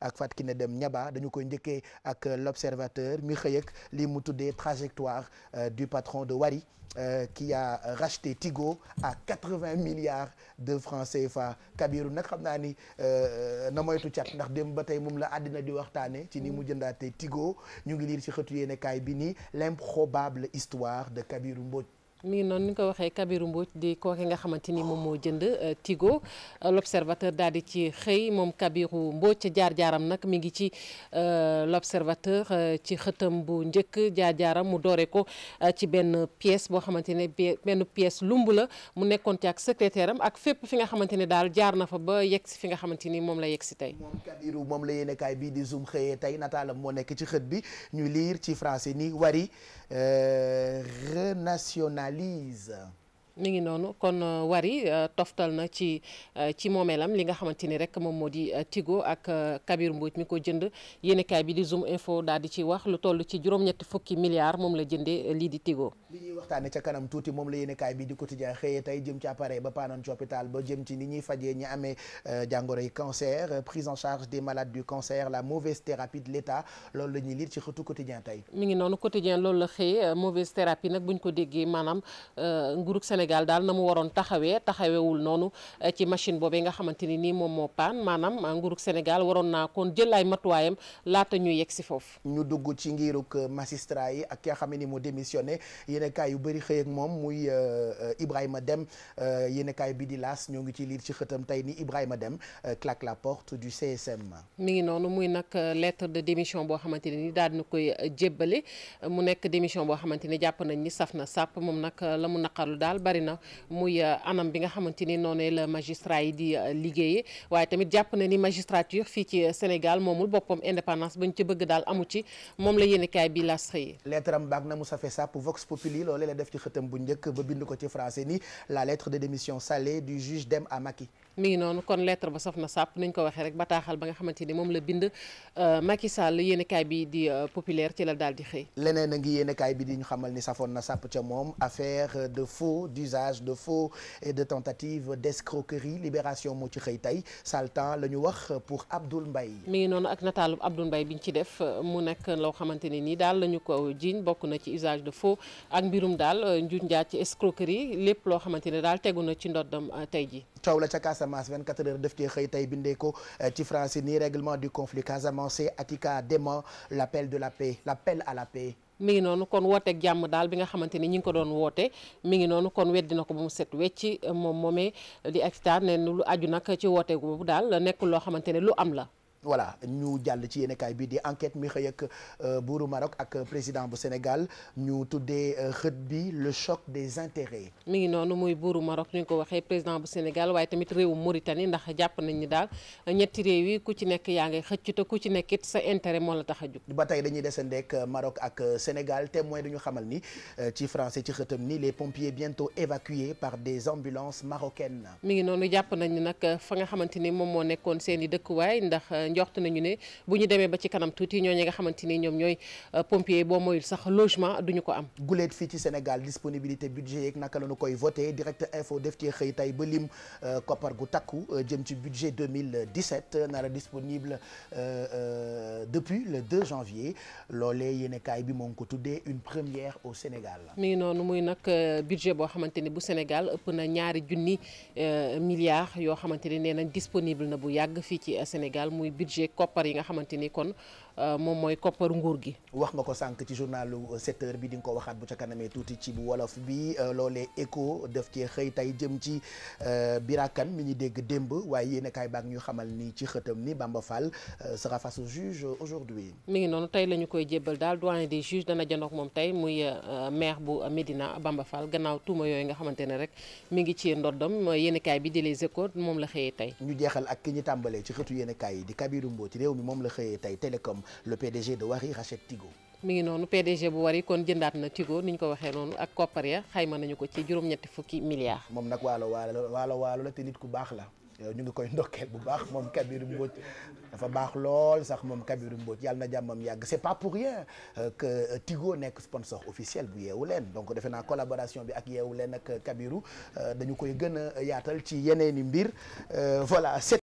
ak Fatou ne dem Niaba dañu koy njëkkee ak euh, l'observateur mi xëy lii mu tuddee trajectoire euh, du patron de Wari euh, qui a racheté Tigo à quatre-vingts milliards de francs CFA Kabiru nag xam naa ni na moytu cat ndax dem ba tey moom la àddina di waxtaane ci ni mu jëndaatee Tigo ñu ngi liir ci xëtu yéene kaay bi nii l'improbable histoire de Kabiru Mbodj mi ngi noonu ni nga ko waxee Kabirou Mbodj di kooke nga xamante ni moom moo jënd euh, Tigo euh, l'observateur daal di ci xëy moom Kabirou Mbodj jaar-jaaram nag mi ngi ci euh, l'observateur ci xëtam bu njëkk jaar-jaaram mu doore ko ci benn pièce boo xamante ne benn pièce lumb la mu nekkoon ci ak secrétaire am ak fépp fi nga xamante ne daal jaar na fa ba yegg si fi nga xamante ni moom la yegg si tey. moom Kabirou moom la yéenekaay bii di zoom xëyee tey nataalam moo nekk ci xët bi ñu liir ci français ni wari renational. analyse. mi ngi noonu kon euh, Wari euh, toftal na ci euh, ci lam li nga xamante ni rek moom moo di Tigo ak Kabir Mbodj mi ko jënd yéenekaay bi di Zoom Info daal di ci wax lu toll ci juróom-ñetti fukki milliards moom la jëndee lii di Tigo. waxtaane ca kanam tuuti moom la yéenekaay bi di quotidien xëyee tey jëm ci appareil ba paanoon ci hôpital ba jëm ci ni ñuy fajee ñi amee euh, la mauvaise thérapie de l'État loolu la ñuy lire ci xëtu quotidien tey mi ngi noonu quotidien loolu la xëyee euh, mauvaise thérapie nag buñ ko déggee maanaam euh, nguurug Sénégal daal na mu waroon taxawee taxawewul noonu ci machine boobee nga xamante ni nii moom moo paan maanaam nguurug Sénégal waroon naa kon jël ay matuwaayam laata ñu yegg si foofu ñu dugg ci ngirug magistrat yi ak ki nga ni mu démissionné yéenekaay yu bëri xëy ak moom muy euh, euh, Ibrahima Dem euh, yéenekaay bi di laas ñoo ngi ci liir ci xëtam tey ni Ibrahima Dem claque la porte du CSM. mi ngi noonu muy nag lettre de démission boo xamante ne ni daal di na koy jébbale mu nekk démission boo xamante ni jàpp nañ ni saf na sàpp moom nag la mu naqarlu daal bari na muy anam bi nga xamante ni noonu la magistrat yi di liggéeyee waaye tamit jàpp na ni magistrature fii ci Sénégal moomul boppam indépendance bañ ci bëgg daal loolee la def ci xëtam ba bind ko ci français ni la euh, bi di euh, populaire la daal di xëy leneen a ngi yéenekaay bi di ñu xamal ni safoon na sàpp ca moom affaire de faux d'usage de faux et de tentative d'escroquerie libération moo ci xëy tey saltan la ñu wax pour Abdoul Mbaye mi ngi noonu ak nataalub Abdoul Mbaye bi ci def mu nekk loo xamante ne nii daal la ñu ko jiiñ bokk na ci usage de faux ak mbiru mbirum daal njuuj euh, njaaj ci escroquerie lépp loo xamante ne daal tegu na ci ndoddam euh, tey ji coow la ca Casamance 24 heures def ci xëy tey bindee euh, ci France ni règlement du conflit Casamance Atika dément l'appel de la paix l'appel à la paix mi ngi noonu kon wooteeg jàmm daal bi nga xamante ñi ngi ko doon woote mi ngi noonu kon weddi ko ba mu set wecc moom moomee di Atika lu aju nag ci wooteeg boobu daal nekkul loo xamante lu am la voilà ñu jàll ci yéenekaay bi di enquête mi xëy ak euh, buuru Maroc ak président bu Sénégal ñu tuddee euh, xët bi le choc des intérêts. mu ngi noonu muy buuru Maroc ñu ko waxee président bu Sénégal waaye tamit réewu Mauritanie ndax jàpp nañ ni daal ñetti réew yi ku ci nekk yaa ngi xëcc ku ci nekk it sa intérêt moo la tax a jóg. ba tey dañuy desandeek euh, Maroc ak Sénégal témoin dañu xamal ni ci français ci xëtam ni les pompiers bientôt évacués par des ambulances marocaines. mi ngi noonu jàpp nañ ni njort nañu ne bu ñu demee ba ci kanam tuuti ñoo ñooñu nga xamante ni ñoom ñooy euh, pompier boo moyul sax logement duñu ko am guleet fii ci Sénégal disponibilité budget yeeg naka la ñu koy voté direct info def ci xëy tay ba lim euh, koppar gu takku euh, jëm ci budget 2017 nara disponible depuis le 2 janvier loolee yéene kaay bi moo ngi ko tuddee une première au Sénégal mi ngi noonu muy nag budget boo xamante ni bu Sénégal ëpp na ñaari junni milliards yoo xamante ni nee nañ disponible na bu yàgg fii ci Sénégal muy budget koppar yi nga xamante ni kon Euh, moom mooy koppar nguur gi. wax nga ko sànq ci journalu 7 heures bi di nga ko waxaat bu ca kanamee tuuti ci bu wolof bi euh, loolee écho def cee xëy tey jëm ci euh, birakan mi ñu dégg démb waaye yéen a ñu xamal ni ci xëtam ni Bamba Fall sera face au juge aujourd'hui mi ngi noonu tey la ñu koy jébbal daal doyen des juges dana jëndoo ak moom tey muy maire bu Médina Bamba Fall gannaaw tuuma yooyu nga xamante ne rek mi ngi ci ndoddam yéen kaay bi di les moom la xëyee tey. ñu jeexal ak ki ñu tàmbalee ci xëtu yéen kaay yi di Kabirou Mbodj réew mi moom la xëyee tey télécom le PDG de Wari rachète Tigo. mi ngi noonu PDG bu Wari kon jëndaat na Tigo ni ñu ko waxee noonu ak koppar ya xayma nañu ko ci juróom-ñetti fukki milliards. moom nag waalo waalo waalo waalo la te nit ku baax la. ñu ngi koy ndokkeel bu baax moom Kabirou Mbodj dafa baax lool sax moom Kabirou Mbodj yàlla na jàmmam yàgg c'est pas pour rien euh, que euh, Tigo nekk sponsor officiel bu yeewu leen donc defe naa collaboration bi ak yeewu leen ak Kabirou euh, dañu koy gën a yaatal ci yeneeni mbir